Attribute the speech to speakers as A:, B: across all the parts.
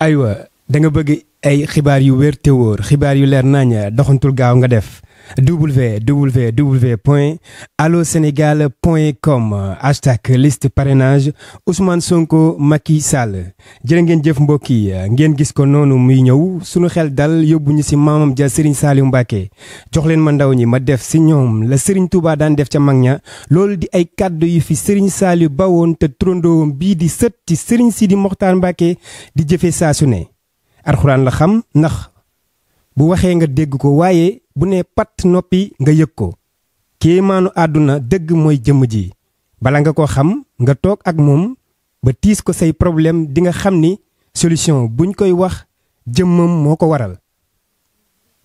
A: aywa da nga bëgg ay xibaar yu wér te wóor xibaar yu leer nañ doxantul gaaw nga def www point allo sénégal point com hashtag liste parrainage Ousmane Sonko Macky Sall jërë ngeen jëf mbokk yi ngeen gis ko noonu muy ñëw sunu xel dal yóbbu ñu si maamam ja Serigne Saliou Mbacké jox leen ma ndaw ñi ma def si ñoom la Serigne Touba daan def ca mag ña loolu di ay kàddu yu fi Serigne Saliou bawoon te turandoowam bii di sët ci Serigne Sidi Mokhtar Mbacké di jëfe saasu su ne alxuraan la xam ndax bu waxee nga dégg ko waaye bu ne pat noppi nga yëg ko kéemaanu àdduna dëgg mooy jëmm ji bala nga ko xam nga toog ak moom ba tiis ko say problème di nga xam ni solution buñ koy wax jëm jëmmam moo ko waral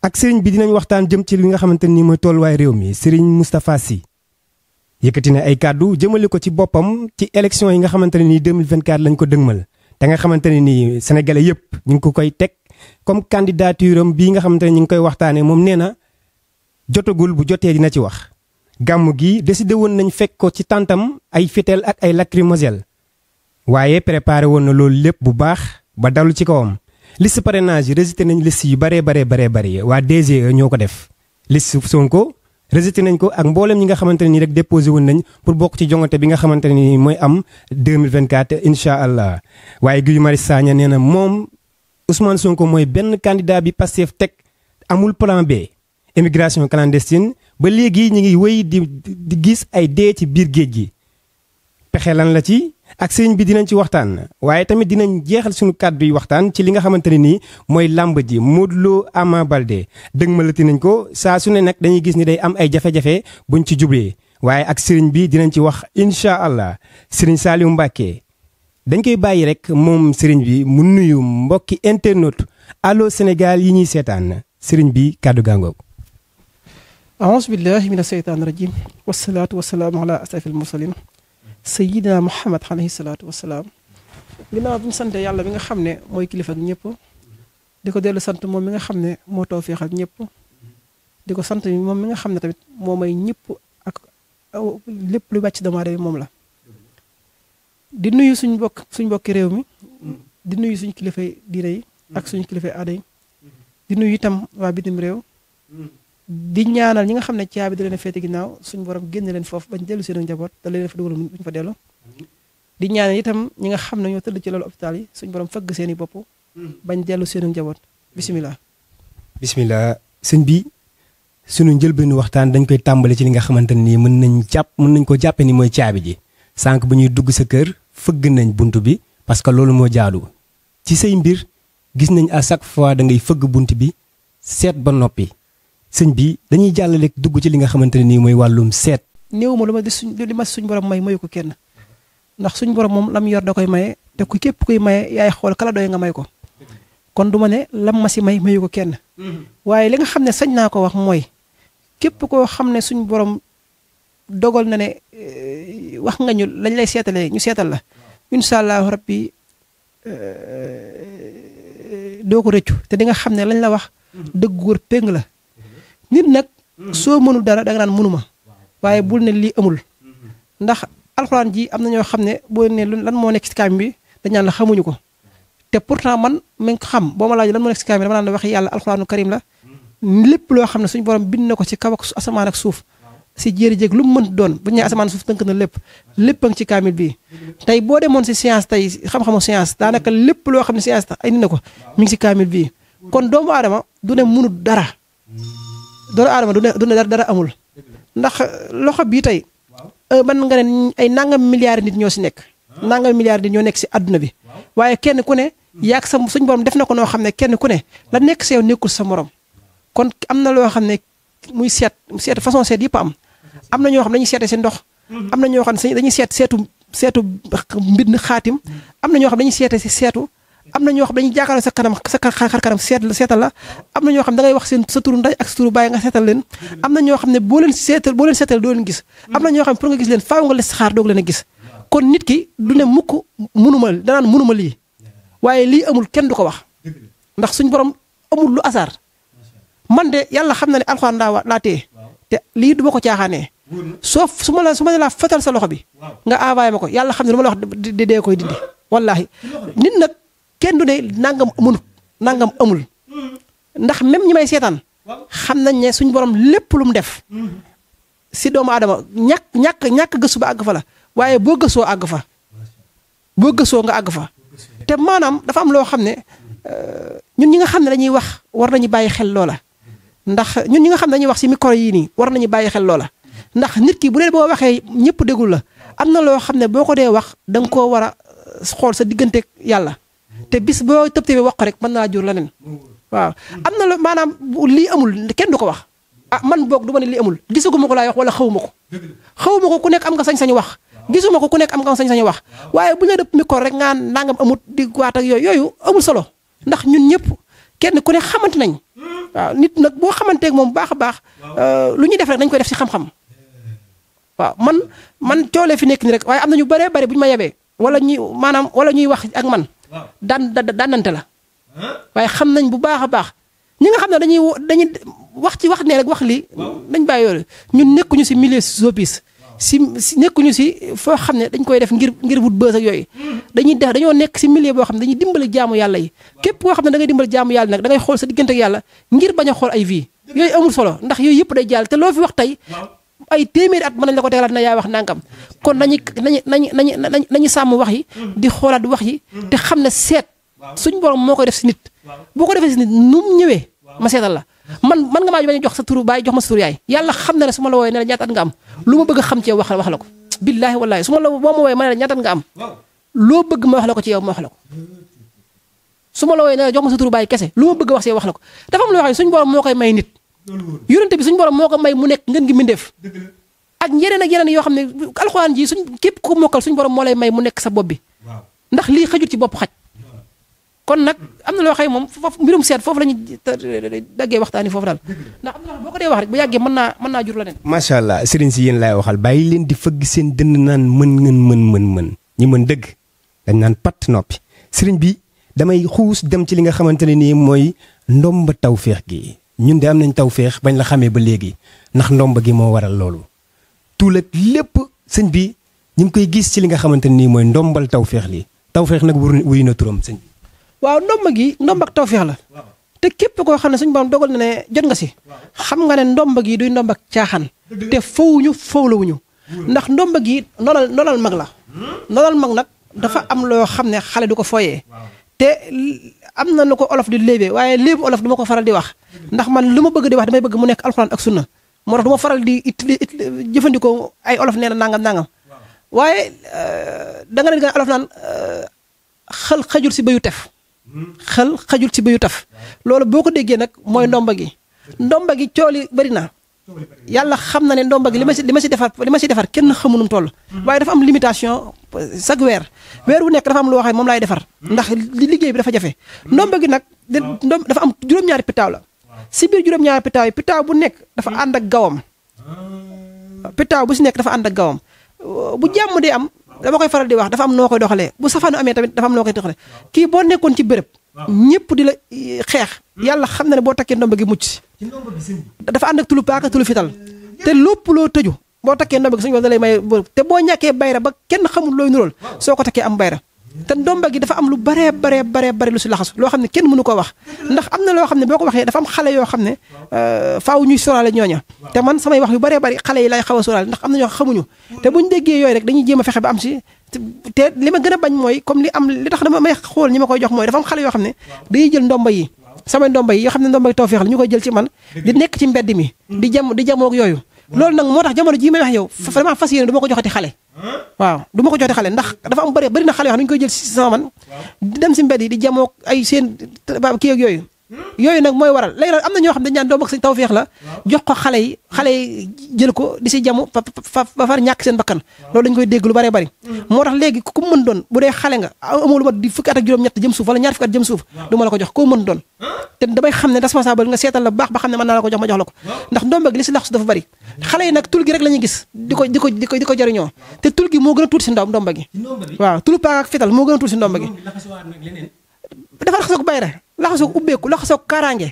A: ak sëriñ bi dinañ waxtaan jëm ci li nga xamante ni mooy tolluwaay réew mi sëriñ Moustapha si yëkkati na ay kàddu jëmale ko ci boppam ci élection yi nga xamante ne nii 2024 lañ ko dëgmal te nga xamante ne nii sénégalais yëpp ñu ngi ko koy teg comme candidature am bii nga xamante ne ñu ngi koy waxtaanee moom nee na jotagul bu jotee dina ci wax. gàmm gi décidé woon nañ fekk ko ci tàntam ay fitel ak ay lacrymogène waaye préparé woon na loolu lépp bu baax ba dalu ci kawam. liste parrainage yi rejeté nañ liste yu baree baree baree baree waa DGE ñoo ko def liste Sonko rejeté nañ ko ak mboolem ñi nga xamante ne nii rek déposé woon nañ pour bokk ci jongante bi nga xamante ne nii mooy am 2024 incha allah waaye Guy Marius nee na moom Ousmane Sonko mooy benn candidat bi Pastef teg amul plan B émigration clandestine ba léegi ñu ngi wéy di di gis ay dee ci biir géej gi pexe lan la ci ak sëriñ bi dinañ ci waxtaan waaye tamit dinañ jeexal suñu kàddu yi waxtaan ci li nga xamante ne nii mooy làmb ji Modou Lo Ama Baldé dëgmalati nañ ko saa su ne nag dañuy gis ni day am ay jafe-jafe buñ ci jublee waaye ak sëriñ bi dinañ ci wax incha allah sëriñ Saliou Mbacké dañ koy bàyyi rek moom sëriñ bi mu nuyu mbokki internaute Allô Sénégal yi ñuy seetaan sëriñ bi kàddu gàngoog
B: aouzu billahi min asheytaan rajim wasalaatu wasalaamu ala asrafil mursalin sayidina muhammad alayhi salaatu wasalaam ginnaaw bi mu sante yàlla mi nga xam ne mooy kilifa ak ñëpp di ko dellu sant moom mi nga xam ne moo tawfiix ak ñëpp di ko sant moom mi nga xam ne tamit moo may ñëpp ak lépp lu wàcc doomu aadama moom la di nuyu suñ mbokk suñ mbokki réew mi di nuyu suñ kilifa diine yi ak suñ kilifa aada yi di nuyu itam waa bitim réew di ñaanal ñi nga xam ne caabi da leen feete ginnaaw suñ borom génn leen foofu bañ dellu seen njaboot da leen fa dugal buñ fa di ñaanal itam ñi nga xam ne ñoo ci loolu hôpital yi suñ borom fëgg seen bopp bañ dellu seen njaboot bisimilah.
A: bisimilah sëñ bi sunu njëlbeenu waxtaan dañ koy tàmbali ci li nga xamante nii mën nañ jàpp mën nañ ko jàppe ni mooy caabi ji sànq bu ñuy dugg sa kër fëgg nañ bunt bi parce que loolu moo jaadu ci say mbir gis nañ à chaque fois da ngay fëgg bunt bi seet ba noppi sëñ bi dañuy jàllale dugg ci li nga xamante ne nii mooy wàllum seet.
B: néew ma lu ma di suñ li ma suñ borom may mayu ko kenn ndax suñ borom moom lam yor da koy maye te ku képp kuy maye yaay xool kala nga may ko kon du ma ne lam ma si may mayu ko kenn mhm. waaye li nga xam ne sañ naa ko wax mooy képp koo xam ne suñ borom dogal na ne eh, wax nga ñu lañ lay seetale ñu seetal la incha allahu rabbi eh, doo ko rëccu te di nga xam ne lañ la wax dëgg góor péng la nit nag soo mënul dara da nga naan mënuma waaye bul ne lii amul ndax alxuraan ji am na ñoo xam ne boo ne lan moo nekk ci kaam bi dañ naan la xamuñu ko te pourtant man mi ngi ko xam boo ma laajee lan moo nekk ci dama naan la wax yàlla alxuraanu karim la lépp loo xam ne suñu borom bind na ko si kaw ak suuf si jéeri jéeg lu mu mënti doon bu ñu nee asamaan suuf tënk na lépp lépp a ngi ci kaamil bii tey boo demoon si science tey xam-xamu daanaka lépp loo xam ne science tax indi na ko mi ngi si kaamil bii kon doomu aadama du ne mënu dara doomu aadama du ne du ne dara amul ndax uh, loxo bii tey uh, man nga ay nangam milliards nit ñoo si nekk nangam milliards nit nekk si àdduna bi waaye kenn ku ne yaag sa suñ borom def na ko noo xam ne kenn ku ne la nekk sa yow nekkul sa morom kon am na loo xam ne muy seet seet façon seet yëpp am am na ñoo xam dañuy seete si ndox mm-hmm. am na ñoo xam ne dañuy seet seetu seetu mbind xaatim am na ñoo xam dañuy seete si seetu am na ñoo xam dañuy jàkkaarloo sa kanam sa xar kanam seet seetal la am na ñoo xam da ngay wax seen sa turu nday ak turu bàyyi nga seetal leen mm-hmm. am na ñoo xam ne boo leen seetal boo leen seetal doo leen gis am na mm-hmm. ñoo xam pour nga gis leen faaw nga les xaar doog leen gis kon nit ki du ne mukk munuma danaan munuma lii waaye lii amul kenn du ko wax ndax suñ borom amul lu asaar man de yàlla xam na ne alxuraan laa téye lii du ma ko caaxaanee. soo su ma la su ma laa fetal sa loxo bi. nga envoyé ma ko yàlla xam ne lu ma la wax di dee koy dindi. wallaahi nit nag kenn du ne nangam amul nangam amul. ndax même ñi may seetaan. xam nañ ne suñu borom lépp lu mu def. si doomu aadama ñàkk ñàkk ñàkk ba àgg fa la waaye boo gësoo àgg fa boo gësoo nga àgg fa te maanaam dafa am loo xam ne euh, ñun ñi nga xam ne dañuy wax war nañu bàyyi xel loola. ndax ñun ñi nga xam ne dañuy wax si micro yi nii war nañu bàyyi xel loola ndax nit ki bu dee boo waxee ñëpp déglu la am na loo xam ne boo ko dee wax da nga koo war a xool sa diggante yàlla te bis boo tëbtee wax ko rek mën naa jur leneen waaw. am na loo maanaam lii amul kenn du ko wax ah man boog du ma lii amul gisaguma ko laay wax wala xawuma ko xawuma ko ku nekk am nga sañ sañu wax. gisuma ko ku nekk am nga sañ sañu wax waaye bu ñu dëpp micro rek ngaan nangam amut di waat yooyu yooyu amul solo ndax ñun ñëpp. kenn ku ne xamante nañ waaw nit nag boo xamanteeg moom baax a baax euh, lu ñuy def rek dañ koy def si xam-xam waaw man man coolee fi nekk nii rek waaye am na ñu bëree bëri bu ñu ma yebee wala ñuy maanaam wala ñuy wax ak man daan daanante la waaye xam nañ bu baax a baax ñi nga xam ne dañuy dañuy wax ci wax ne rek wax lii dañ bàyyi yooyu ñu nekkuñu si milieu showbiz si si nekkuñu si foo xam ne dañ koy def ngir ngir wut bës ak yooyu dañuy def dañoo nekk si milieu boo xam ne dañuy dimbali jaamu yàlla yi képp koo xam ne da ngay dimbali jaamu yàlla nag da ngay xool sa diggante yàlla ngir bañ a xool ay vie yooyu amul solo ndax yooyu yëpp day jàll te loo fi wax tey ay téeméeri at mën nañ la ko tegalaat na yaa wax nangam kon nañu nañu nañu nañu nañu sàmm wax yi di xoolaat wax yi te xam ne seet suñ borom moo koy def si nit boo ko defee si nit nu ñëwee ma seetal la man man nga maa jox sa turu baay jox ma sa turu yaay yàlla xam na ne su ma la wooyee ne la ñaata nga am lu ma bëgg xam ci yow wax wax la ko billaahi wallaahi su ma la boo ma wooyee ma ne loo bëgg ma wax la ko ci yow ma wax la ko su ma la wooyee ne la jox ma sa turu baay kese loo ma bëgg wax ci yow wax la ko dafa am lu wax suñu moo koy may nit yonente bi suñu borom moo ko may mu nekk ngeen gi mbindeef ak yeneen ak yeneen yoo xam ne alxuraan ji suñ képp ku mokkal suñu borom moo lay may mu nekk sa bopp bi ndax lii xajut ci bopp xaj kon nag am na loo xëy moom foofu mbirum seet foofu la ñu daggee waxtaani foofu daal ndax am na boo ko dee wax rek bu yàggee mën naa mën naa jur leneen.
A: macha allah sëriñ si yéen laay waxal bàyyi leen di fëgg seen dënn naan mën ngeen mën mën mën ñi mën dëgg dañ naan pat noppi sëriñ bi damay xuus dem ci li nga xamante ne nii mooy ndomba tawféex gi ñun de am nañ tawféex bañ la xamee ba léegi ndax ndomba gi moo waral loolu tuul ak lépp sëñ bi ñu ngi koy gis ci li nga xamante ne nii mooy ndombal tawféex li tawféex nag wuy na turam sëñ
B: waaw ndomba gi ndomba ak tawféex la te képp koo xam ne suñu borom dogal na ne jot nga si xam nga ne ndomba gi duy ndomba ak caaxaan te fowuñu fowlawuñu ndax ndomba gi nolal nolal mag la hmm? nolal mag nag dafa ah. am loo xam ne xale du ko fooyee te am na nu ko olof di léebee waaye léebu olof du ko faral di wax ndax man lu ma bëgg di wax damay bëgg mu nekk alxuraan ak sunna moo tax du faral di it jëfandikoo ay olof nee na nangam nangam waaye euh, da nga leen euh, si bayu tef xel xajul ci béyu taf loolu boo ko déggee nag mooy ndomba gi ndomba gi cool yi bëri na yàlla xam na ne ndomba gi li ma si li ma si defar li ma si defar kenn xamu nu mu toll waaye dafa am limitation chaque weer weer wu nekk dafa am loo xam moom laay defar ndax li liggéey bi dafa jafe ndomba gi nag dafa am juróom-ñaari pitaaw la si biir juróom-ñaari pitaaw yi pitaaw bu nekk dafa hmm. ànd ak gawam ah. pitaaw bu si nekk dafa ànd ak gawam bu jàmm di am dama koy faral di wax dafa am noo koy doxalee bu safaanu amee tamit dafa am noo koy doxalee kii boo nekkoon ci bërëb ñëpp di la eh, xeex. Hmm. yàlla xam na ne boo takkee ndomb gi mucc si. dafa ànd ak tulu paaka tulu fital te lépp loo tëju boo takkee ndomb gi suñu wax da lay may te boo ñàkkee bayra ba kenn xamul looy nurool soo ko takkee am bayra te ndomba gi dafa am lu baree bare baree bare lu si laxas loo xam ne kenn mënu ko wax ndax am na loo xam ne boo ko waxee dafa am xale yoo xam ne euh, faaw ñuy sóoraale ñooña te man samay wax yu baree bari xale yi lay xaw a sóoraale ndax am na xamuñu te buñ déggee yooyu rek dañuy jéem fexe ba am si te li ma gën bañ mooy comme li am li tax dama may xool ñi ma koy jox mooy dafa xale yoo xam ne dañuy jël ndomba yi samay ndomba yi yoo xam ne ndomba yi tawfeex la ñu koy jël ci man di nekk ci mbedd mi di jam di jamoog yooyu loolu nag moo tax jamono jii may wax yow vraiment fas yéene du ma ko joxati xale waaw du ma ko joxati xale ndax dafa am bëri bëri na xale yoo xam ne ñu koy jël si sama man dem si mbedd yi di jamoo ay seen kii ak yooyu yooyu nag mooy waral léegi nag am na ñoo xam ne ñaan doom ak sëñ tawféex la jox ba koy dégg lu bëree bëri mm. moo ku mën doon bu dee nga amoo lu mat ñett jëm suuf wala ñaar fukki at jëm ko jox koo mën doon te damay xam ne baax ba xam ne mën naa la ko jox ma jox la ko ndax ndomba gi li si lax su dafa bëri mm. xale yi nag tul gi rek la gis di ko di te tul gi moo gën a tuuti si ndaw ndomba gi waaw tul paak fital moo gën a tuuti si ndomba gi dafa rax sa ko laxasoo ubbeeku laxasoo kaaraange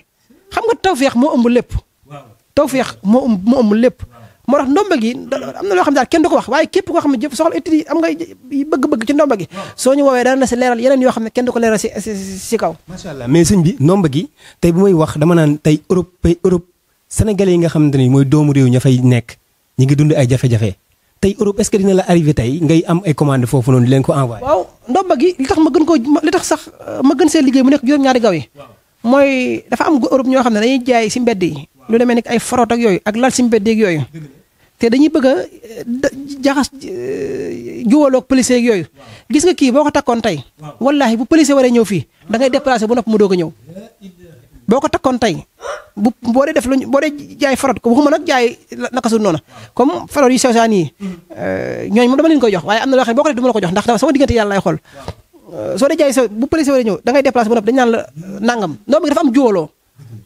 B: xam nga tawféex moo ëmb lépp. tawféex moo ëmb moo ëmb lépp. moo tax ndomba gi am na loo xam ne daal kenn du ko wax waaye képp koo xam ne jëf soxla études yi am nga bëgg-bëgg ci ndomba gi soo ñu woowee dana na si leeral yeneen yoo xam ne kenn du ko leeral si si kaw. macha
A: allah mais sëñ bi ndomba gi tey bu may wax dama naan tey Europe tey Europe sénégalais yi nga xamante ne mooy doomu réew ña fay nekk ñu ngi dund ay jafe-jafe tey Europe est-ce la arrivé tey ngay am ay commande foofu noonu di leen ko envoyé.
B: waaw ndomba gi li tax ma gën koo li tax sax euh, ma gën seen liggéey mu nekk juróom-ñaari gaaw yi. mooy dafa am Europe ñoo xam ne dañuy jaay si mbedd yi. lu demee nekk ay forot ak yooyu ak lal si mbedd yeeg yooyu. te dañuy bëgg a euh, jaxas euh, juwaloog policier ak yooyu. gis nga kii boo ko takkoon tey. wallaahi bu policier waree ñëw fii da ngay déplacé bu nopp mu doog a ñëw. boo ko takkoon tey bu boo dee def lu boo dee jaay farot ko waxuma nag jaay naka su noonu comme farot yu sew saan yi euh, ñooñu moom dama leen koy jox waaye am na loo xam ne boo ko def ko jox ndax sama lay xool euh, soo dee jaay sa bu police war a ñëw dangay ngay déplacé bu nopp dañu naan la euh, nangam ndox mi dafa am juwaloo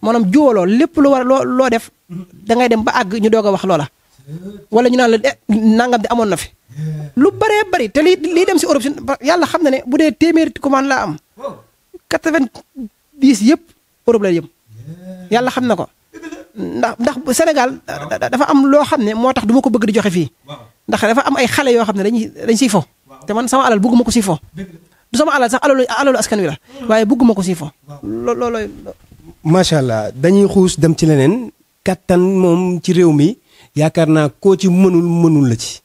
B: maanaam juwaloo lépp lu war loo loo def dangay dem ba àgg ñu doog a wax loola wala ñu naan la eh, nangam di amoon na fi lu bare bëri te lii lii dem si Europe yàlla xam ne ne bu dee téeméeri commande laa am quatre vingt yëpp Europe la jëm yàlla xam na ko ndax ndax Sénégal dafa am loo xam ne moo tax du ma ko bëgg di joxe fii ndax dafa am ay xale yoo xam ne dañuy dañ siy fo te man sama alal bëgguma ko siy fo du sama alal sax alalu alalu askan wi la
A: waaye bëgguma ko siy fo
B: loolooy.
A: macha allah dañuy xuus dem ci leneen kattan moom ci réew mi yaakaar naa koo ci mënul mënul la ci.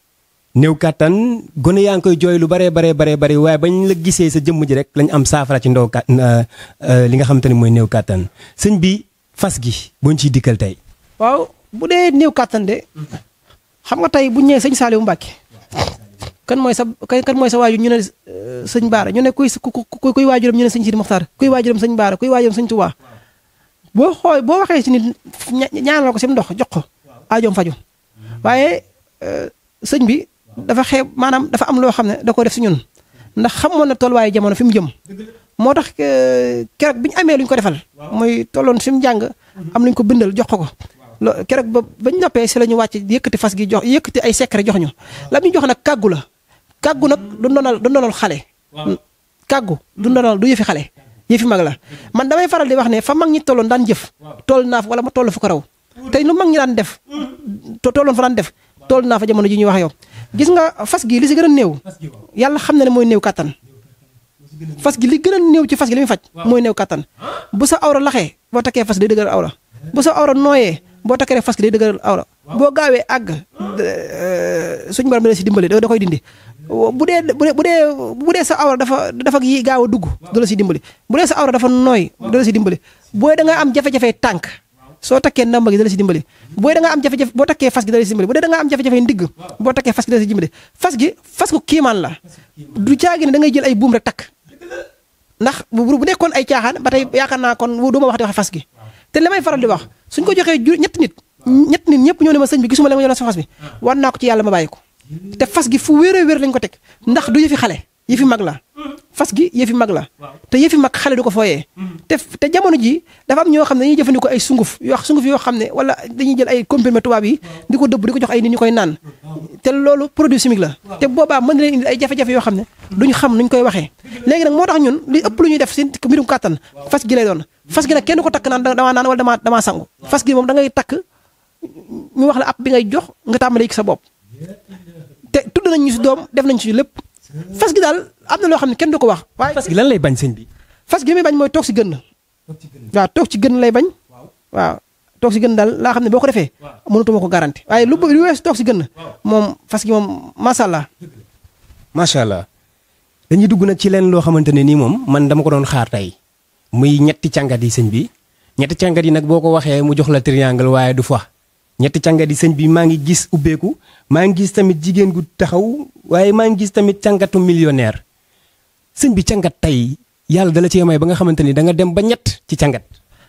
A: néew kàttan gone yaa ngi koy jooy lu bare baree baree bari waaye bañ la gisee sa jëmm ji rek lañu am saafara ci ndaw kat euh, euh, li nga xamante ne mooy néew kàttan sëñ bi fas gi boo ñu ciy dikkal tey.
B: waaw bu dee néew kàttan de xam nga tey bu ñëwee sëñ Saliou Mbacke kan mooy sa kan mooy sa waajur ñu ne euh, sëñ Baara ñu ne kuy kuy kuy waajuram ñu ne sëñ Sidi Mokhtar kuy waajuram sëñ Baara kuy waajuram sëñ Touba boo xooy boo waxee si nit ñaanal ko si ndox jox ko aajoom faju waaye bi. dafa xeeb maanaam dafa am loo xam ne da ko def si ñun ndax xamoon na tolluwaayu jamono fi mu jëm moo tax euh, keroog bi ñu amee lu ñu ko defal mooy tolloon si mu jàng mhm. am luñ ko bindal jox ko ko lo keroog ba bañ noppee si la ñu wàcc yëkkati fas gi jox yëkkati ay secret jox ñu la ñu jox nag kàggu la kàggu nag du ndonal du ndonal xale kàggu du ndonal du yëfi xale yëfi mag la man damay faral di wax ne fa mag ñi tolloon daan jëf toll naa fa wala ma toll fu ko raw tey nu mag ñi daan def tolloon fa daan def toll naa fa jamono ji ñuy wax yow gis nga fas gi li si gën a néew yàlla xam na ne mooy néew kàttan fas gi li gën a néew ci fas gi li muy faj mooy néew kàttan bu sa awra laxee boo takkee fas day dëgëral awra bu sa awra nooyee boo takkee fas gi day dëgëral awra boo gaawee àgg eh, suñu borom dina si dimbali da koy dindi bu dee bu dee bu dee sa awra dafa dafa gaaw a dugg du si dimbali bu dee sa awra dafa nooy du si dimbali booy da nga am jafe-jafe tànk soo takkee namba gi dala si dimbali boo takkee fas gi dala si dimbali bu dee am jafe-jafe boo takkee fas gi dala si dimbali fas gi fas gu kiimaan la du caagi ne da ngay jël ay buum rek takk ndax bu nekkoon ay caaxaan ba tey yaakaar naa kon du ma wax di wax fas gi te li may faral di wax suñ ko joxee jur ñetti nit ñetti nit ñëpp ñoo ne ma sëñ bi gisuma la nga yoona sa fas bi war naa ko ci yàlla ma bàyyi ko te fas gi fu wéer wéer lañ ko teg ndax du yëfi xale yëfi mag la fas gi yëfi mag la te yëfi mag xale du ko fooyee mm-hmm. te te jamono ji dafa am ñoo xam ne dañuy jëfandikoo ay sunguf yoo sunguf yoo xam ne wala dañuy jël ay comprimé tubaab yi di ko dëbb di ko jox ay nit la te boobaa mën na leen indi jafe yoo xam ne duñ xam nuñ koy waxee mm-hmm. léegi nag moo tax ñun ëpp lu ñuy def si mbirum kàttan fas gi lay doon fas gi nag kenn sangu fas gi moom da takk ñu wax la app bi ngay jox nga tàmbalee ci sa bopp te tudd nañ ñu si doom def nañ ci lépp fas gi daal am na loo xam ne kenn du ko wax. waaye fas gi lan lay bañ sëñ bi. fas gi may bañ mooy toog si gën. waaw toog ci gën lay bañ. waaw toog si gën daal laa xam ne boo ko defee. mënatuma ko garanti waaye lu bëgg lu weesu toog si gën. moom fas gi moom macha allah.
A: macha allah dañuy dugg nag ci leen loo xamante ne nii moom man dama ko doon xaar tey. muy ñetti càngat yi sëñ bi ñetti càngat yi nag boo ko waxee mu jox la triangle waaye du fa ñetti càngat yi sëñ bi maa ngi gis ubbeeku maa ngi gis tamit jigéen gu taxaw waaye maa ngi gis tamit càngatu millionnaire sëñ bi càngat tey yàlla dala ci may ba nga xamante ni danga dem ba ñett ci càngat.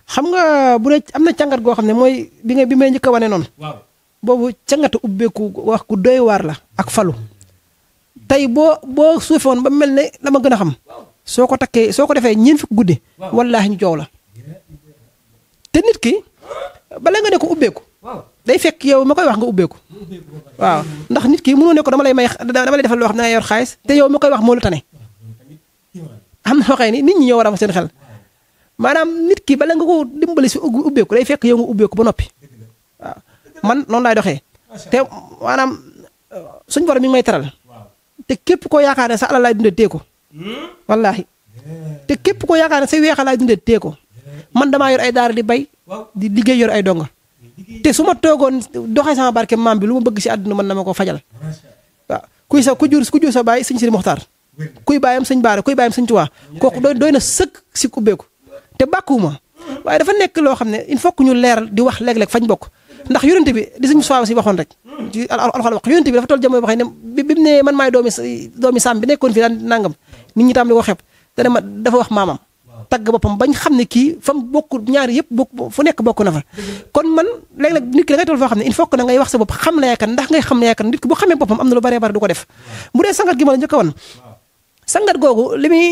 B: xam nga bu dee am na càngat goo xam ne mooy bi nga bi may njëkk a wane noonu. waaw boobu càngatu ubbeeku wax ku doy waar la ak falu. tey boo boo suufee woon ba mel ne la ma gën a xam. soo ko takkee soo ko defee ñeent fukki guddi. wallaahi ñu joow la. te nit ki bala nga day fekk yow ma koy wax nga ubbeeku waaw ndax nit ki mënoo nekku dama lay may dama lay defal loo xam ne da ngay yor xaalis te yow ma koy wax moo la tane xam na waxee ni nit ñi ñoo war a am seen xel maanaam nit ki bala nga ko dimbali si ubbeeku day fekk yow nga ubbeeku ba noppi man noonu laay doxee te maanaam uh, suñ borom mi may teral te képp koo yaakaar ne sa alal laay dundee tee ko wallaahi te képp koo yaakaar ne sa weexa laay dundee tee ko man damaa yor ay daara di bay di liggéey yor ay donga te su ma toogoon doxee sama barke maam bi lu ma bëgg si àdduna man na ma ko fajal kuy sa ku jur ku sa baay sëñ Sidi Moxtaar kuy baayam sëñ Baara kuy baayam sëñ Tuubaa kooku doy doy na sëkk si kubbeeku te bàkkuwuma waaye dafa nekk loo xam ne il faut ñu leeral di wax léeg-léeg fañ bokk ndax yonent bi di suñu soxla si waxoon rek ci alxal wax yonent bi dafa toll jamono boo xam ne bi mu ne man maay doomi doomi bi nekkoon fi daan nangam nit ñi tam li ko xeeb ma dafa wax maamam tagg boppam bañ xam ne kii fam bokk ñaari yëpp bokk fu nekk bokk na fa kon man léeg-léeg nit ki da ngay toll foo xam ne il faut que da ngay wax sa bopp xam la yaakaar ndax ngay xam la yaakaar nit a wan li muy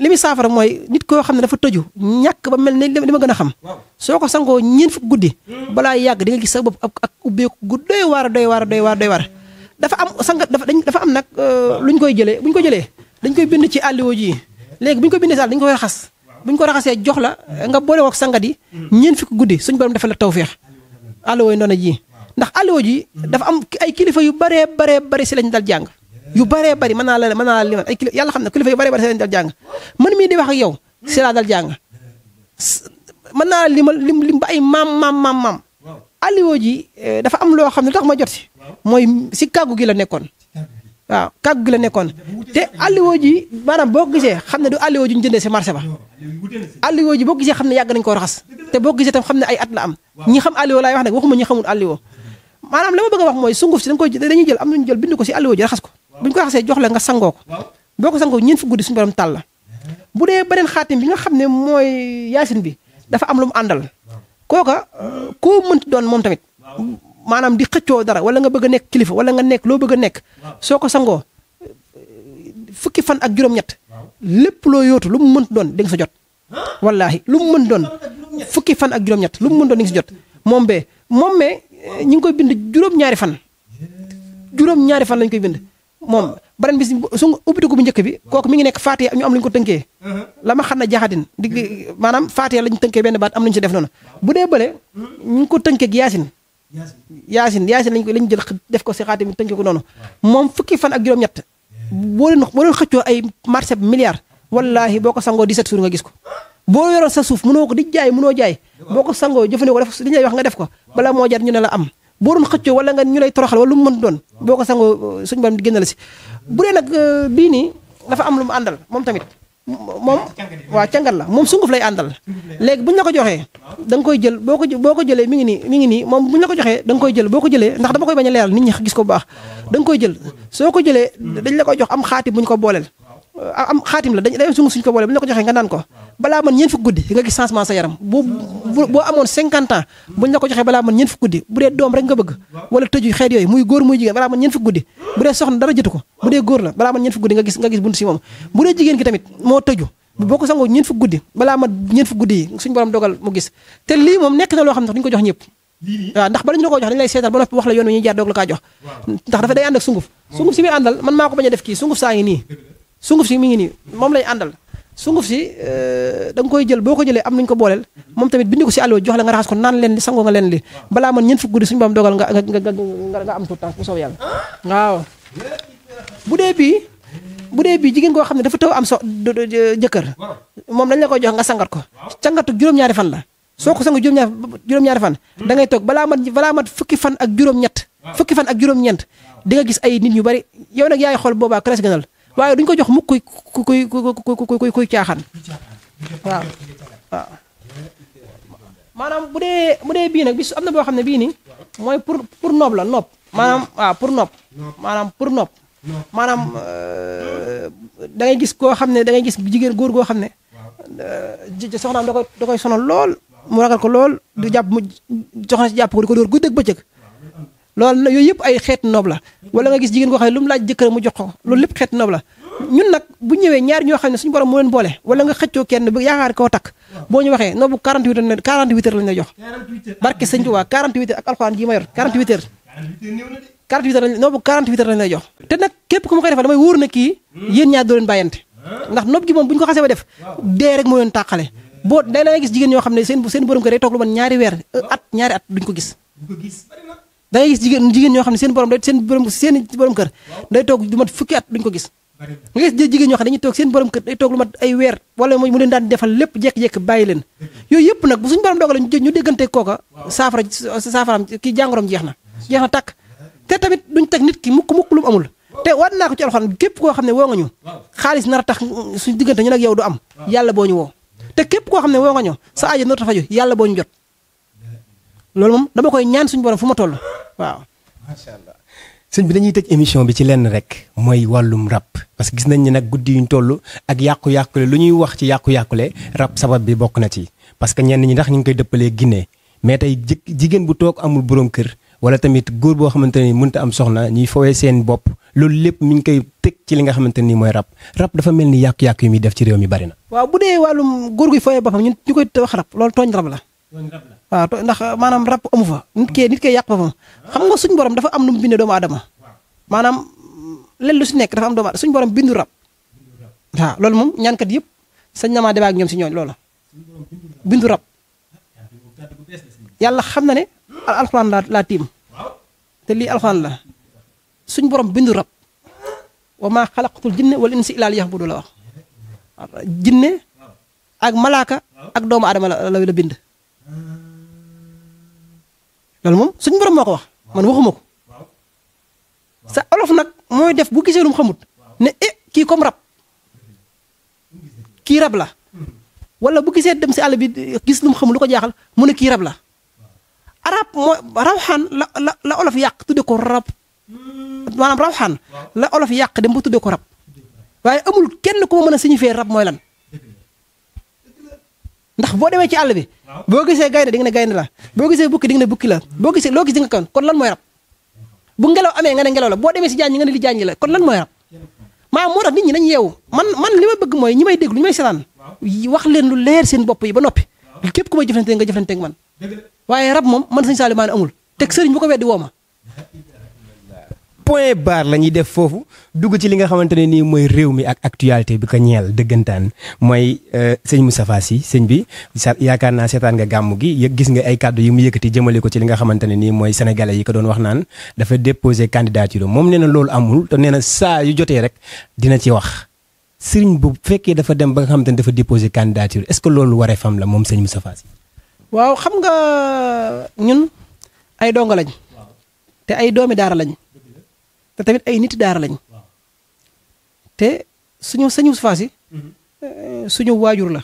B: li muy saafara mooy nit koo xam ne dafa tëju ñàkk ba mel ne li ma gën a xam soo ko sangoo ñeent fukk guddi balaa yàgg di gis sa bopp ak ubbeeku gu doy waar doy waar doy waar doy waar dafa am sangat dafa dañ dafa am nag euh, luñ koy jëlee buñ ko jëlee dañ koy bind ci àlliwo ji léegi buñ ko bindee si àll dañ koy raxas bu ñu ko raxasee jox la nga boole wax sangat yi ñeen fi ko guddi suñu borom defal la tawféex alluwa yi noonu ji ndax alluwa ji dafa am ay kilifa yu baree baree bari si lañ dal jàng yu baree bari mën naa la mën naa la limal ay xam ne kilifa bari si lañ dal jàng man mii di wax ak yow si laa dal jàng naa limal lim lim ay maam maam maam maam alluwa ji eh, dafa am loo xam ne tax ma jot si mooy si kàggu gi la nekkoon waaw kàggu la nekkoon te alluwa ji maanaam boo gisee xam ne du alluwa jëndee si marché ba alluwa ji boo gisee xam ne yàgg nañu koo raxas te boo gisee tam xam ne ay at la am ñi xam alluwa laay wax nag waxuma ñi xamul alluwa maanaam la ma bëgg a wax mooy sunguf si dañ koy dañuy jël am nañu jël bind ko si alluwa raxas ko bu ko raxasee jox nga sangoo ko boo ko sangoo ñeent fu guddi suñu borom tàll la bu dee beneen xaatim maanaam di xëccoo dara wala nga bëgg a nekk kilifa wala nga nekk loo bëgg a nekk. soo ko sangoo fukki fan ak juróom-ñett. lépp loo yootu lu mu mënti doon di nga sa jot. wallaahi lu mu mënti doon fukki fan ak juróom-ñett lu mu mënti doon di nga sa jot moom bee moom mee eh, ñu ngi bind juróom-ñaari fan. juróom-ñaari fan lañ koy bind moom beneen bis su ubbitiku bu njëkk bi kooku mi ngi nekk Faatiha ñu am lu ko tënkee uh-huh. la ma xam ne jaaxatin digg maanaam Faatiha lañ tënkee benn baat am nañu si def noonu bu dee bële hmm? ñu ngi ko tënkee ak Yaasin yaasin yaasin lañ ko lañ jël def ko si mi tañ ko noonu moom fukki fan ak juróom-ñett boo leen boo xëccoo ay marché milliard wallahi boo ko sangoo di 17 jours nga gis ko boo yoroon sa suuf munoo ko di jaay mënoo jaay boo ko sangoo jëfandikoo def li ñuy wax nga def ko bala moo jar ñu ne la am boo doon xëccoo wala nga ñu lay toroxal wala lu mu mën doon boo ko sangoo suñu borom di génn la si bu dee nag euh, bii nii dafa am lu mu àndal moom tamit moom waaw cangat la moom sunguf lay àndal léegi bu ñu la ko joxee da koy jël boo ko boo ko jëlee mi ngi nii mi ngi nii moom bu ñu la ko joxee da koy jël boo ko jëlee ndax dama koy bañ a leeral nit gis ko bu baax da nga koy jël soo ko jëlee dañ la ko jox am xaati bu ñu ko booleel am xaatim la dañ day sungu suñ ko boole bu ñu la ko joxee nga naan ko balaa man ñeent fukk dee loo xam ne duñ ko jox ñëpp waaw ndax bala sunguf sunguf si muy àndal man maa ko bañ a def kii sunguf saa ngi nii sunguf si mi ngi nii moom lay àndal sunguf si euh, da nga koy jël boo ko jëlee am nañu ko booleel moom tamit bind ko si àlluwa jox la nga raxas ko leen li sangoo leen li balaa man ñeent fukk guddi suñu bam dogal nga nga nga am tuut tànk bu soob yàlla waaw bu dee bii bu dee bii jigéen koo xam ne dafa taw am so jëkkër moom dañ la koy jox nga sangat ko sangatu juróom-ñaari fan la soo ko sang juróom-ñaar ñaari fan hmm? da ngay toog balaa mat balaa mat fukki fan ak juróom-ñett fukki fan ak juróom-ñeent di nga gis ay nit ñu bari yow nag yaay xool boobaa ku la si gënal waaye duñ ko jox mukk kuy kuy kuy kuy caaxaan waaw waaw maanaam bu dee bu dee bii nag bis am na boo xam ne bii nii mooy pour pour nopp la nopp maanaam waaw pour nopp maanaam pour nopp maanaam euh, da ngay gis koo xam ne da ngay gis jigéen góor goo xam ne euh, soxnaam da koy da koy sonal lool mu ragal ko lool du jàpp mu soxna si jàpp ko di ko dóor guddeeg bëccëg loolu la yooyu yëpp ay xeetu noob la wala nga gis jigéen koo xam ne lu mu laaj jëkkër mu jox ko loolu lépp xeetu noob la ñun nag bu ñëwee ñaari ñoo xam ne suñu borom moo leen boole wala kenn ba yaakaar koo takk boo ñu waxee noobu 48 heures 48 heures lañ la jox barke sëñ Tuubaa 48 heures lay jox te nag képp ku ma koy defal damay wóor na kii hmm. yéen ñaar doo leen bàyyante hmm. ndax noob gi moom bu ñu ko xasee ba def dee rek moo leen tàqale boo day la nga gis jigéen ñoo xam ne seen seen borom kër day toog lu man ñaari weer at ñaari at duñ ko gis da ngay gis jigéen ñoo xam ne seen borom day seen borom seen borom kër day toog lu mat fukki at duñ ko gis nga gis jigéen ñoo xam ne dañuy toog seen borom kër day toog lu mat ay weer wala mu leen daan lépp jekk-jekk bàyyi leen yooyu yëpp nag bu suñu borom dogalee ñu déggante kooka saafara saafaram kii jàngoroom jeex na jeex na tàkk te tamit duñ teg nit ki mukk mukk lu mu amul te waat naa ko ci alxuraan képp koo xam ne woo nga ñu xaalis nar a tax suñu diggante ñu nag yow du am yàlla boo ñu woo te képp koo xam ne woo nga ñu sa aajo nar a yàlla boo ñu jot loolu moom dama koy ñaan
A: suñu borom fu ma toll
B: waaw. macha
A: allah sëñ bi dañuy tëj émission bi ci lenn rek mooy wàllum rab parce que gis nañ ne nag guddi yuñ toll ak yàqu-yàqule lu ñuy wax ci yàqu-yàqule rab sabab bi bokk na ci parce que ñenn ñi ndax ñu ngi koy dëppalee Guinée mais tey jigéen bu toog amul borom kër wala tamit góor boo xamante ni mënta am soxna ñuy fowee seen bopp loolu lépp mi ngi koy teg ci li nga xamante ni mooy rab rab dafa mel ni yàqu-yàqu yi muy def ci réew mi bari na.
B: waaw bu góor guy fowee boppam ñun ñu koy wax rab loolu tooñ rab la waaw to maanaam rab amu fa nit kee nit kee yàq boppam xam nga suñ borom dafa am nu mu bindee doomu aadama maanaam lenn lu si nekk dafa am doomu aadama suñ borom bindu rab waaw loolu moom ñaankat yëpp sañ na si ñooñ loola bindu rab xam na ne alxuraan la lii alxuraan la suñ borom bindu rab wa maa xalaqatul jinne wala insi ilaa liya'budu la wax jinne ak malaaka ak doomu aadama la la loolu moom suñ borom moo ko wax man waxuma ko sa olof nag mooy def bu gisee lu xamut ne eh kii comme rab kii rab la hmm. wala bu gisee dem si àll bi gis lu mu xamul lu ko jaaxal mu ne kii rab la rab mooy rawxaan la la la olof yàq tu tudde ko rab hmm. maanaam rawxaan la olof yàq dem ba tudde ko rab waaye amul kenn ku ma mën a signifier rab mooy lan ndax boo demee ci àll bi boo gisee gaynde di ne gaynde la boo gisee bukki di nga ne bukki la boo gisee loo gis di nga kon kon lan mooy rab bu ngelaw amee nga ne ngelaw boo demee si jaan ñi nga ne kon lan mooy rab maa moo tax nit ñi nañ yeewu man man li ma bëgg mooy ñi may déglu ñu may seetaan wax leen lu leer seen bopp yi ba noppi képp ku may jëflante nga jëflante ak man waaye rab moom man sëñ Saliou Mané amul
A: teg sëriñ bu ko weddi woo point baar la ñuy def foofu dugg ci li nga xamante ne nii mooy réew mi ak actualité bi ko ñeel dëggantaan mooy euh, sëñ mu safaa Sy sëñ bi yaakaar naa seetaan nga gàmm gi yëg gis nga ay kàddu yi mu yëkkati jëmale ko ci li nga xamante ne nii mooy sénégalais yi ko doon wax naan dafa déposé candidature moom neena loolu amul te nee saa yu jotee rek dina ci wax sëriñ bu fekkee dafa dem ba nga xamante ne dafa déposé candidature est-ce que loolu waree fam la moom sëñ Moustapha Sy
B: waaw xam nga ñun ay dongo lañ te ay doomi daara lañ te tamit ay nit daara lañ te suñu sëñ Moustapha eh, suñu waajur la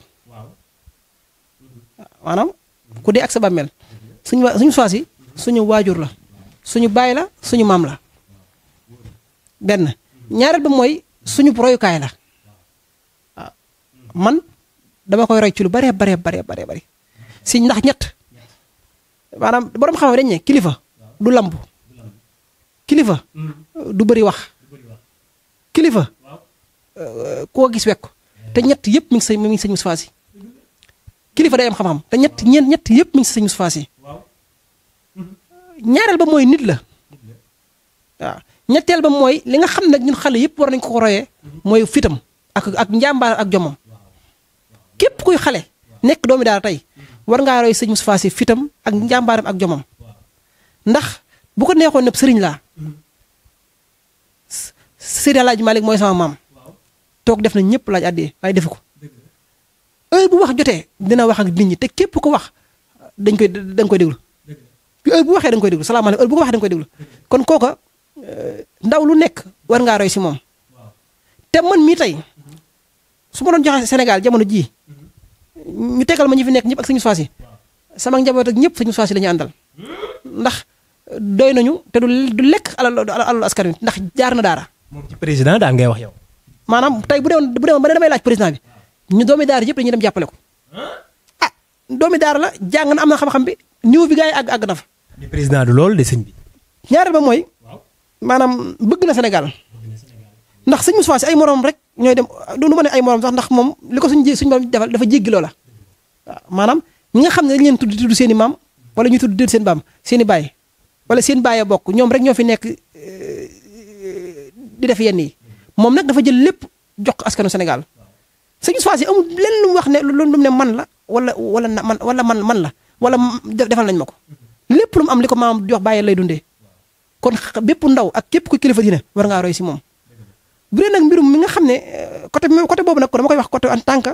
B: maanaam ku dee ak sa bàmmeel suñu suñu Moustapha suñu waajur la suñu baay la suñu maam la benn ñaareel ba mooy suñu royukaay la waaw man dama koy roy ci lu bare bare bare bare si ndax ñett maanaam borom xam-xam dañ ne kilifa du lamb kilifa. du bëri wax. kilifa. Euh, koo gis wekk te ñett yëpp mu ngi sa mi ngi sëñ Moustapha Sy kilifa day am xam-xam te ñett ñeent ñett yëpp mi ngi si sëñ Moustapha ñaareel ba mooy nit la waaw ñetteel ba mooy li nga xam nag ñun xale yëpp war nañ ko royee mooy fitam ak ak njàmbaar ak jomam képp kuy xale nekk doomi daara tey war ngaa roy sëñ Moustapha Sy fitam ak njàmbaaram ak jomam ndax bu ko neexoon nag sëriñ laa Seydi Alaaji Malick mooy sama maam toog def na ñëpp laaj àddee waaye defu ko bu wax jotee dina wax ak nit ñi te képp ko wax dañ koy dañ koy déglu bu waxee dañ koy déglu salaamaaleykum heure bu ko waxee dañ koy déglu kon kooka euh, ndaw lu nekk war ngaa roy si moom. te man mii tey su ma doon joxe Sénégal jamono jii ñu tegal ma ñu fi nekk ñëpp ak suñu sois yi sama njaboot ak ñëpp suñu sois yi la ñu àndal ndax. doy nañu te du lekk alal alalu askan wi ndax jaar na daara.
A: moom ci président
B: ngay wax yow. maanaam tey bu deewoon bu deewoon ba ne damay laaj président bi ñu doomi daara yëpp dañuy dem jàppale ko ah doomi daara la jàng na am na xam-xam bi niveau bi gars yi àgg àgg na fa.
A: président du loolu de sëñ bi.
B: ñaareel ba mooy maanaam bëgg na Sénégal ndax sëñ Moustapha Sy ay morom rek ñooy dem du ma ne ay morom sax ndax moom li ko suñ ji suñ borom defal dafa jéggi loola maanaam ñi nga xam ne dañ leen tudd tudd seen i maam wala ñu tudd seen baam seen i baay wala seen baay bokk ñoom rek ñoo fi nekk di def yenn yi moom nag dafa jël lépp jox ko askanu Sénégal sëñ Moustapha yi amul lenn lu mu wax ne lu mu ne man la wala wala man wala man man la wala defal nañ ma ko lépp lu am li ko maam jox bàyyi lay dundee kon bépp ndaw ak képp ku kilifa dina war ngaa roy si moom. bu nag mbirum mi nga xam ne euh, côté côté boobu nag ko ma koy wax côté en tant que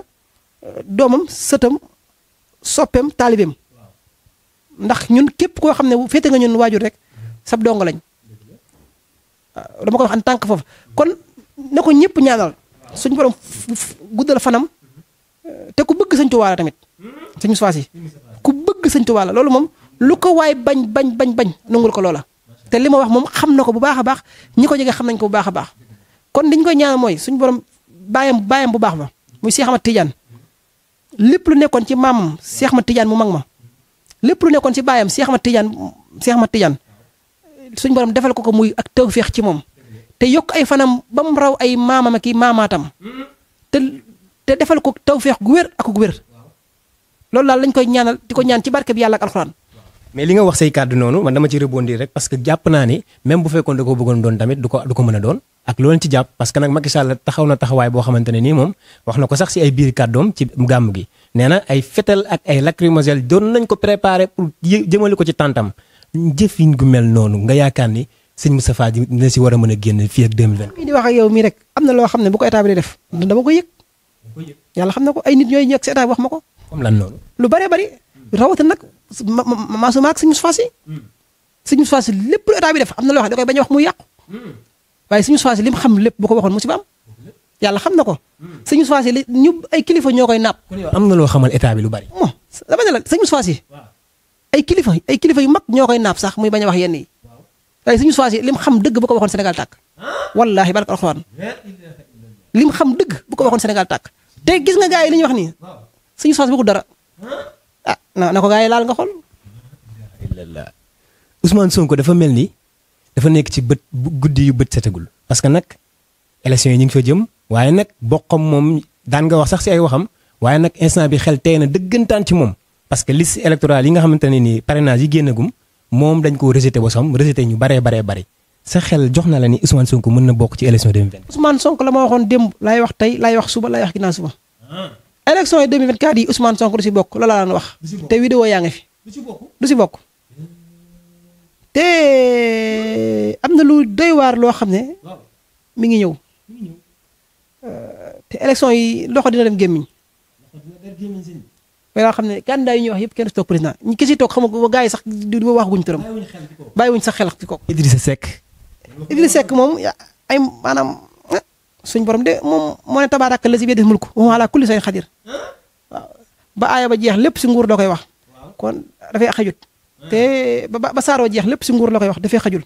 B: euh, doomam sëtam soppeem taalibeem ndax ñun képp koo xam ne féete nga ñun waajur rek sab dong lañ ah, dama ko wax en tant que foofu kon na ko ñëpp ñaanal suñ borom guddal fanam te ku bëgg Sëñ Tuubaa la tamit suñu sois yi ku bëgg Sëñ Tuubaa loolu moom lu ko waaye bañ bañ bañ bañ nangul ko loola. te li ma wax moom xam na ko bu baax a baax ñi ko jege xam nañ ko bu baax a baax kon liñ koy ñaanal mooy suñu borom bàyyam bàyyam bu baax ma muy Seex Ahmad Tijaan lépp lu nekkoon ci maam Seex Ahmad Tijaan mu mag ma. lépp lu nekkoon ci baayam Cheikh Ahmad Tidiane Cheikh Ahmad Tidiane suñ borom defal ko ko muy ak feex ci moom te yokk ay fanam ba mu raw ay maamam ak i maamaatam te te defal ko tawféex gu wér ak gu wér
A: loolu daal lañ koy ñaanal di ko ñaan ci barke bi yàlla ak alxuraan. mais li nga wax say kàddu noonu man dama ci rebondir rek parce que jàpp naa ni même bu fekkoon da koo bëggoon doon tamit du ko du ko mën a doon. ak loolu ci jàpp parce que nag Macky Sall taxaw na taxawaay boo xamante ne nii moom wax na ko sax si ay biir kàddoom ci gàmm gi. nee na ay fetal ak ay lacrymogène doon nañ ko préparer pour jëmale ko ci tàntam jëfin gu mel noonu nga yaakaar ni sëñ Moustapha ji dina si war a mën a génn fii ak 2020.
B: di wax ak yow mii rek am na loo xam ne bu ko état bi di def dama ko yëg. yàlla xam na ko ay nit ñooy ñëw ak si état wax ma ko. comme lan loolu. lu bëree bëri rawatina nag ma ma ma suma ak sëñ Moustapha si. Hmm. sëñ Moustapha si lépp lu état bi def am na loo xam ne da koy bañ a wax muy yàqu. Hmm. waaye sëñ Moustapha si li lépp bu ko waxoon musiba am yàlla xam na ko. sëñ Moussa Sy li ñu ay kilifa ñoo koy napp. am
A: na loo xamal état bi lu bari. bon
B: dama ne la sëñ Moussa Sy kilifa ay kilifa yu mag ñoo koy napp sax muy bañ wax yenn yi. waaye sëñ Moussa lim xam dëgg bu ko waxoon Sénégal tàkk. wallaahi barka alxuraan lim xam dëgg bu ko waxoon Sénégal tàkk. te gis nga gaa yi li ñuy wax nii. sëñ
A: Moussa Sy bu dara. ah na ko gaa yi laal nga xol alhamdulilah Ousmane Sonko dafa mel ni dafa nekk ci bët guddi yu bët setagul parce que nag élection yi ñu ngi fa jëm waaye nag bokkam moom daan nga wax sax si ay waxam waaye nag instant bi xel tey na dëggantaan ci moom parce que liste électorale yi nga xamante ni nii parrainage yi génnagum moom dañ koo rejeté bosam rejeté ñu baree baree bari sa xel jox na la ni Ousmane Sonko mën na bokk ci élection 2024.
B: Ousmane Sonko la ma waxoon démb laay wax tey lay wax suba laay wax ginnaaw suba. Ah. élection yi 2024 yi Ousmane Sonko du si bokk la la daan wax. te vidéo yaa ngi fi. du si bokk du si bokk. na lu doy waar loo xam ne mi ngi ñëw. te élection yi loxo dina dem gémmiñ mais daal xam ne candidat yi ñuy wax yëpp kenn si toog président ñi ki si toog xam nga gars yi sax di wax guñ tëram bàyyiwuñ sax xel ci ko Idrissa Seck. Idrissa Seck moom ay maanaam ah, suñ borom de moom moo ne tabaaraka la si biir des mulku wa ala kulli say ba aaya ba jeex lépp si nguur la koy wax kon dafay xajut te ba ba saaroo jeex lépp si nguur la koy wax dafay xajul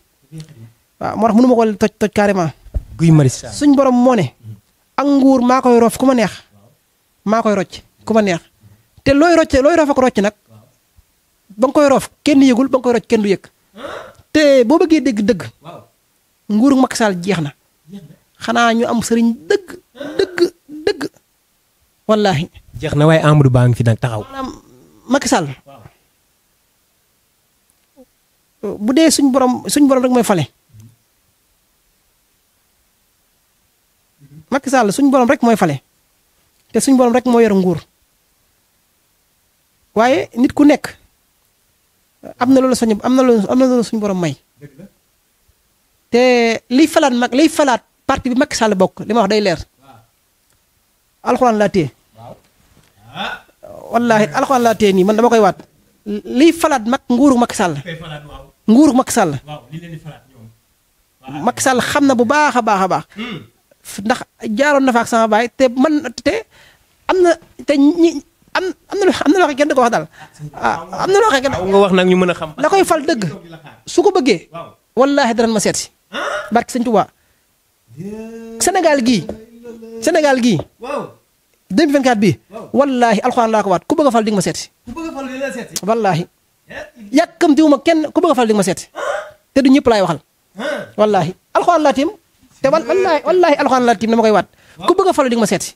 B: waaw ko toj toj carrément. guy Marius suñ borom moo ne. ak nguur maa koy rof ku ma neex maa koy rocc ku ma neex te looy rocc looy rof ak rocc nag ba nga koy rof kenn yëgul ba nga koy rocc kenn du yëg te boo bëggee dégg dëgg nguuru Macky Sall jeex na xanaa ñu am sëriñ dëgg dëgg dëgg
A: wallaahi. jeex na waaye Amadou baa ngi fi nag taxaw.
B: maanaam Macky Sall bu dee suñ borom suñ borom rek mooy fale. Macky Sall suñu borom rek mooy fale te suñ borom rek moo yor nguur waaye nit ku nekk am na loolu sañ am na loolu am na borom may. te liy falaat mag liy falaat parti bi Macky Sall bokk li ma wax day leer. alxuraan laa téye. Ah. wallaahi alxuraan laa téye nii man dama koy waat. liy falaat mag nguuru Macky Sall. nguuru Macky Sall. Macky Sall xam na bu baax a baax a baax. Hmm. ndax jaaroon na fa ak sama baay te man te am na te ñi am am na am na loo xam kenn du ko wax daal.
A: Ah, ah, am na loo kenn nga wax nag ñu mën a xam.
B: da koy fal dëgg su ko bëggee. wallaahi danañ ma seet si. barke sëñ Tuubaa Sénégal gii senegal gii. 2024 bii. wallaahi alxuraan laa ko waat ku bëgg a fal di nga ma seet si. ku bëgg a fal di kenn ku bëgg a fal di ñëpp laay waxal. wallaahi laa tiim te wallaahi wallaahi alxuraan la tiim dama koy waat ku bëgg falu di ma seet si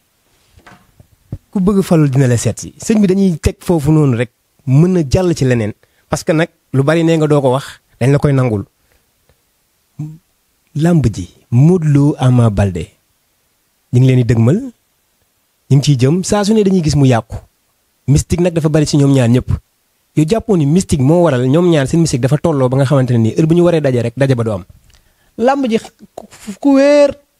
A: ku bëgg falu dina la seet si sëñ bi dañuy teg foofu noonu rek mën na jàll ci leneen parce que nag lu bari nee nga doo ko wax dañ la koy nangul làmb ji Modou Lo Ama Baldé ñu ngi leen di dëgmal ñu ngi ciy jëm saa su ne dañuy gis mu yàqu mystique nag dafa bari ci ñoom ñaar ñëpp yow jàppoon ni mystique moo waral ñoom ñaar seen mystique dafa tolloo ba nga xamante ne nii heure bu ñu waree daje rek daje ba du
B: lamb ji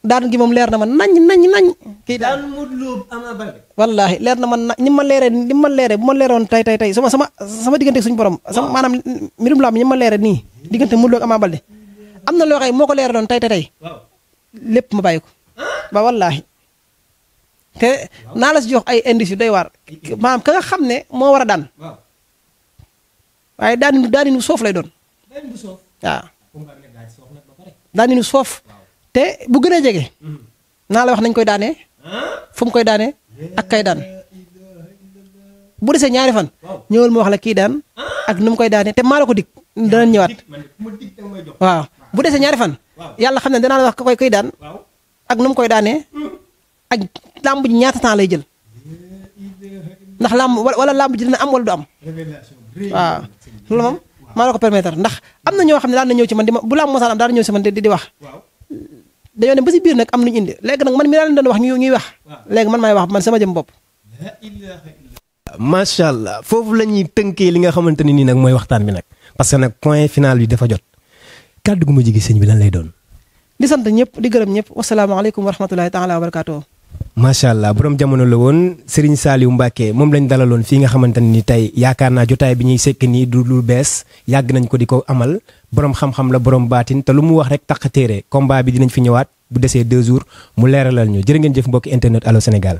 B: daan gi moom leer na ma nañ nañ nañ.
A: kii daan Modou Lo Ama
B: Baldé. leer na ma na ñi ma leeree ni ma leeree bu ma leeroon tey tey tey sama sama sama diggante suñu borom. sama maanaam mbirum lamb ñi ma leeree nii. diggante mu Lo ak Ama Baldé. am na loo xam moo ko leeraloon tey tey tey. lépp ma bàyyi ko. ba wallaahi. te naa la si jox ay indices yu doy waar. maanaam ka xam ne moo war a daan. waaye daanin daanin bu soof lay doon. daani nus soof te bu gën a jege naa la wax nañ koy daane fu koy daane ak kay daan bu desee ñaari fan ñëwal ma wax la kii daan ak nu mu koy daanee te maa la ko dig danañ ñëwaat waaw bu desee ñaari fan yàlla xam ne danaa la wax koy koy daan ak nu mu koy daanee ak làmb ñaata temps lay jël ndax làmb wala làmb ji dina am wala du am waaw maa la ko permettre ndax am na ñoo xam ne daan na ñëw ci man di ma bu laa mosaan am daan na ñëw ci man di di wax dañoo ne ba si biir nag am nañu indi léegi nag man mi daal doon wax ñu ñuy wax léegi man maay wax man sama jëm bopp
A: macha allah foofu la ñuy tënkee li nga xamante ne nii nag mooy waxtaan bi nag parce que nag point final bi dafa jot kàddu gu ma jigi sëñ bi lan lay doon
B: di sant ñëpp di gërëm ñëpp wasalaamaaleykum wa rahmatulahi taala wa barakatuh
A: macha allah borom jamono la woon Serigne Saliou Mbacke moom lañ dalaloon fii nga xamante ne ni tey yaakaar naa jotaay bi ñuy sekk nii du lu bees yàgg nañ ko di ko amal borom xam-xam la borom baatin te lu mu wax rek taq téere combat bi dinañ fi ñëwaat bu desee deux jours mu leeralal ñu jërë ngeen jëf mbokki internet Allô Sénégal.